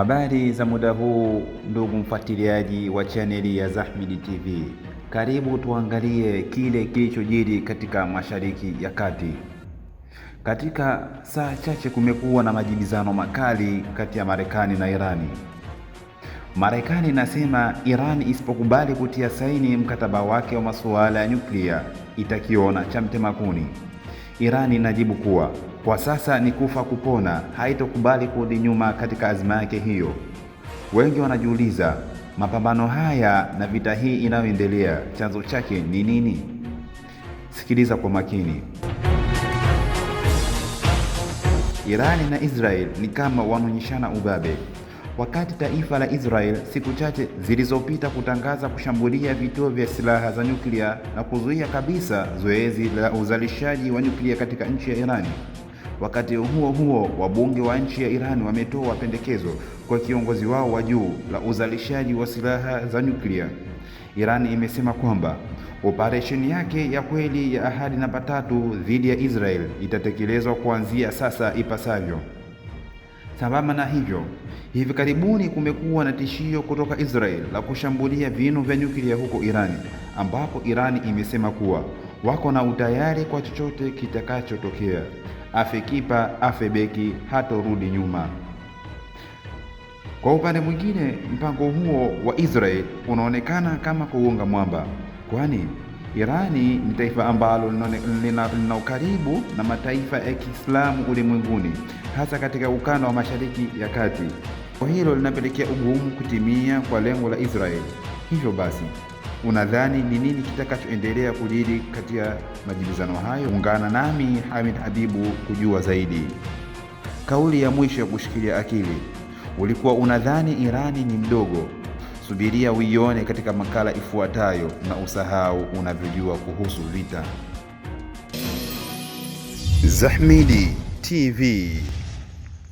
Habari za muda huu, ndugu mfuatiliaji wa chaneli ya Zahmid TV, karibu tuangalie kile kilichojiri katika Mashariki ya Kati. Katika saa chache kumekuwa na majibizano makali kati ya Marekani na Irani. Marekani inasema Iran isipokubali kutia saini mkataba wake wa masuala ya nyuklia itakiona cha mtemakuni irani inajibu kuwa kwa sasa ni kufa kupona, haitokubali kurudi nyuma katika azma yake hiyo. Wengi wanajiuliza mapambano haya na vita hii inayoendelea chanzo chake ni nini? Sikiliza kwa makini. Irani na Israel ni kama wanaonyeshana ubabe wakati taifa la Israel siku chache zilizopita kutangaza kushambulia vituo vya silaha za nyuklia na kuzuia kabisa zoezi la uzalishaji wa nyuklia katika nchi ya Irani. Wakati huo huo, wabunge wa nchi ya Iran wametoa pendekezo kwa kiongozi wao wa juu la uzalishaji wa silaha za nyuklia. Iran imesema kwamba operesheni yake ya kweli ya Ahadi Namba Tatu dhidi ya Israel itatekelezwa kuanzia sasa ipasavyo. Sambamba na hivyo, hivi karibuni kumekuwa na tishio kutoka Israel la kushambulia vinu vya nyuklia huko Irani, ambapo Irani imesema kuwa wako na utayari kwa chochote kitakachotokea. Afekipa afebeki hatorudi nyuma. Kwa upande mwingine, mpango huo wa Israel unaonekana kama kugonga mwamba, kwani Irani ni taifa ambalo lina ukaribu na mataifa ya Kiislamu ulimwenguni, hasa katika ukanda wa Mashariki ya Kati. Kwa hilo linapelekea ugumu kutimia kwa lengo la Israeli. Hivyo basi, unadhani ni nini kitakachoendelea kujiri ya majibizano hayo? Ungana nami Hamid Habibu kujua zaidi. Kauli ya mwisho ya kushikilia akili, ulikuwa unadhani Irani ni mdogo Subiria uione katika makala ifuatayo na usahau unavyojua kuhusu vita. Zahmidi TV.